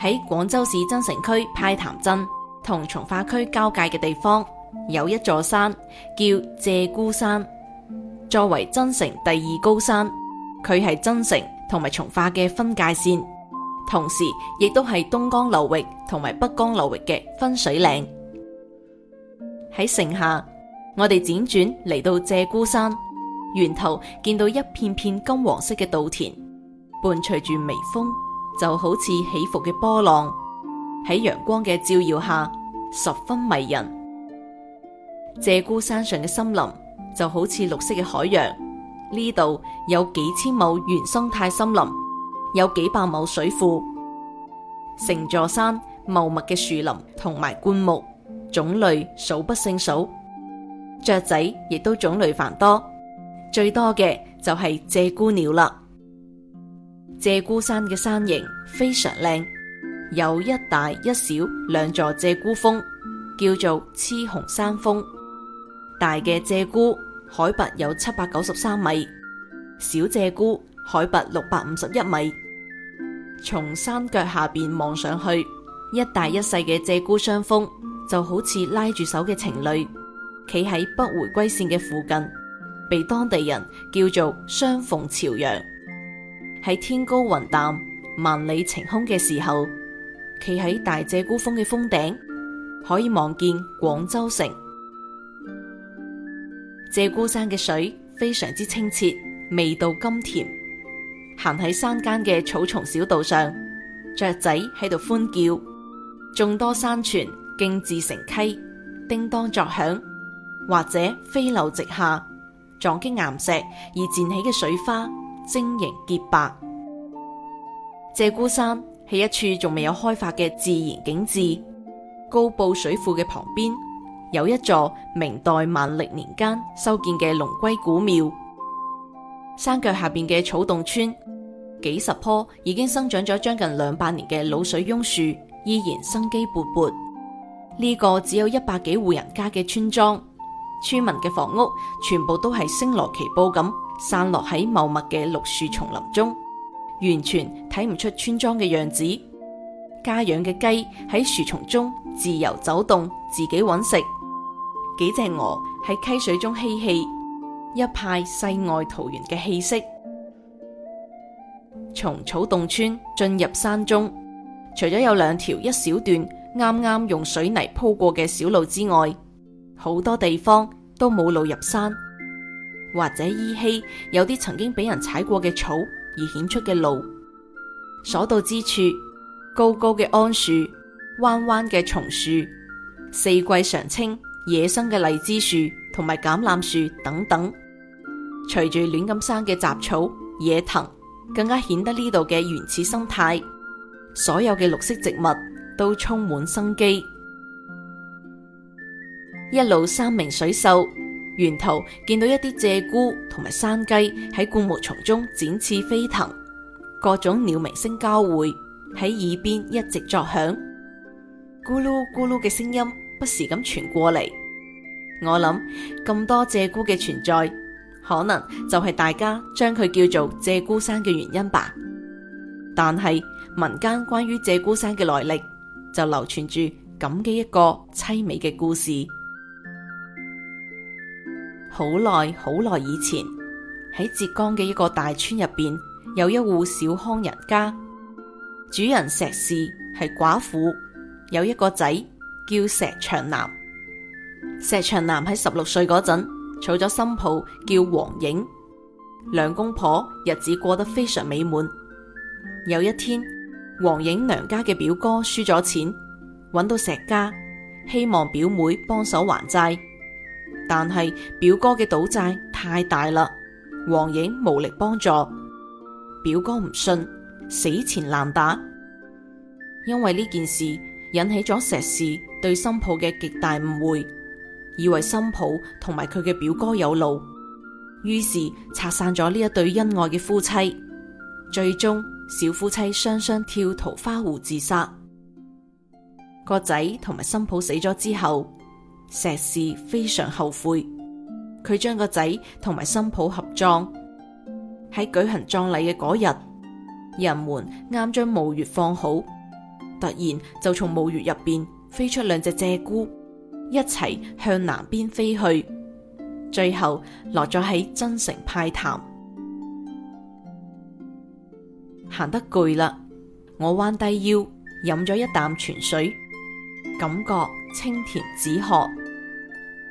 喺廣州市增城區派潭鎮同從化區交界嘅地方，有一座山叫鷓鴣山。作為增城第二高山，佢係增城同埋從化嘅分界線，同時亦都係東江流域同埋北江流域嘅分水嶺。喺盛夏，我哋輾轉嚟到鷓鴣山源頭，見到一片片金黃色嘅稻田，伴隨住微風。就好似起伏嘅波浪，喺陽光嘅照耀下，十分迷人。鷓鴣山上嘅森林就好似綠色嘅海洋，呢度有幾千畝原生態森林，有幾百畝水庫，成座山茂密嘅樹林同埋灌木種類數不勝數，雀仔亦都種類繁多，最多嘅就係鷓鴣鳥啦。鷓鴣山嘅山形非常靚，有一大一小兩座鷓鴣峰，叫做雌雄山峰。大嘅鷓鴣海拔有七百九十三米，小鷓鴣海拔六百五十一米。從山腳下邊望上去，一大一細嘅鷓鴣雙峰就好似拉住手嘅情侶，企喺北回歸線嘅附近，被當地人叫做雙逢朝陽。喺天高雲淡、萬里晴空嘅時候，企喺大鷓鴣峰嘅峰頂，可以望見廣州城。鷓鴣山嘅水非常之清澈，味道甘甜。行喺山間嘅草叢小道上，雀仔喺度歡叫，眾多山泉徑自成溪，叮當作響，或者飛流直下，撞擊岩石而濺起嘅水花。晶瑩潔白，鷓鴣山係一處仲未有開發嘅自然景致。高埗水庫嘅旁邊有一座明代萬曆年間修建嘅龍龜古廟。山腳下邊嘅草洞村，幾十棵已經生長咗將近兩百年嘅老水翁樹依然生機勃勃。呢、這個只有一百幾戶人家嘅村莊，村民嘅房屋全部都係星羅棋佈咁。散落喺茂密嘅綠樹叢林中，完全睇唔出村莊嘅樣子。家養嘅雞喺樹叢中自由走動，自己揾食。幾隻鵝喺溪水中嬉戲，一派世外桃源嘅氣息。從草洞村進入山中，除咗有兩條一小段啱啱用水泥鋪過嘅小路之外，好多地方都冇路入山。或者依稀有啲曾經俾人踩過嘅草而顯出嘅路，所到之處，高高嘅桉樹、彎彎嘅松樹、四季常青、野生嘅荔枝樹同埋橄欖樹等等，隨住亂咁生嘅雜草、野藤，更加顯得呢度嘅原始生態。所有嘅綠色植物都充滿生機。一路山明水秀。沿途見到一啲鷓鴣同埋山雞喺灌木叢中展翅飛騰，各種鳥鳴聲交匯，喺耳邊一直作響，咕嚕咕嚕嘅聲音不時咁傳過嚟。我諗咁多鷓鴣嘅存在，可能就係大家將佢叫做鷓鴣山嘅原因吧。但係民間關於鷓鴣山嘅來歷，就流傳住咁嘅一個淒美嘅故事。好耐好耐以前，喺浙江嘅一個大村入邊，有一戶小康人家，主人石氏係寡婦，有一個仔叫石長南。石長南喺十六歲嗰陣娶咗新抱，叫黃影。兩公婆日子過得非常美滿。有一天，黃影娘家嘅表哥輸咗錢，揾到石家，希望表妹幫手還債。但係表哥嘅賭債太大啦，黃影無力幫助，表哥唔信，死前難打。因為呢件事引起咗石氏對新抱嘅極大誤會，以為新抱同埋佢嘅表哥有路，於是拆散咗呢一對恩愛嘅夫妻。最終，小夫妻雙雙跳桃花湖自殺。個仔同埋新抱死咗之後。石氏非常後悔，佢將個仔同埋新抱合葬。喺舉行葬禮嘅嗰日，人們啱將墓穴放好，突然就從墓穴入邊飛出兩隻鷓鴣，一齊向南邊飛去，最後落咗喺增城派潭。行得攰啦，我彎低腰，飲咗一啖泉水，感覺清甜止渴。